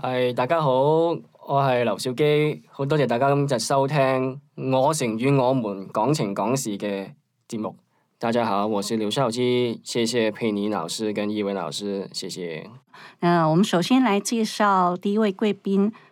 係、哎、大家好，我係劉紹基，好多謝大家今日收聽我城與我們港情港事嘅節目。大家好，我是劉紹基，謝謝佩霓老師跟一偉老師，謝謝。嗯，我們首先來介紹第一位貴賓。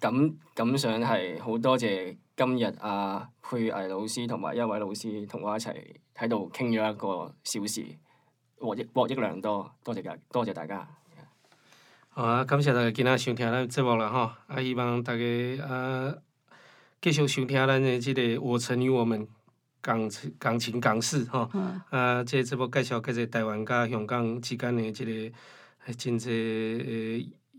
感感想係好多謝今日阿、啊、佩霓老師同埋一位老師同我一齊喺度傾咗一個小時，獲益獲益良多，多謝噶，多謝大家。好啊，感謝大家今日收聽咱節目啦，嗬！啊，希望大家啊繼續收聽咱嘅呢個《我城與我們》港港情港事，嗬！啊，即係節目介紹嘅，即台灣加香港之間嘅一、這個真濟。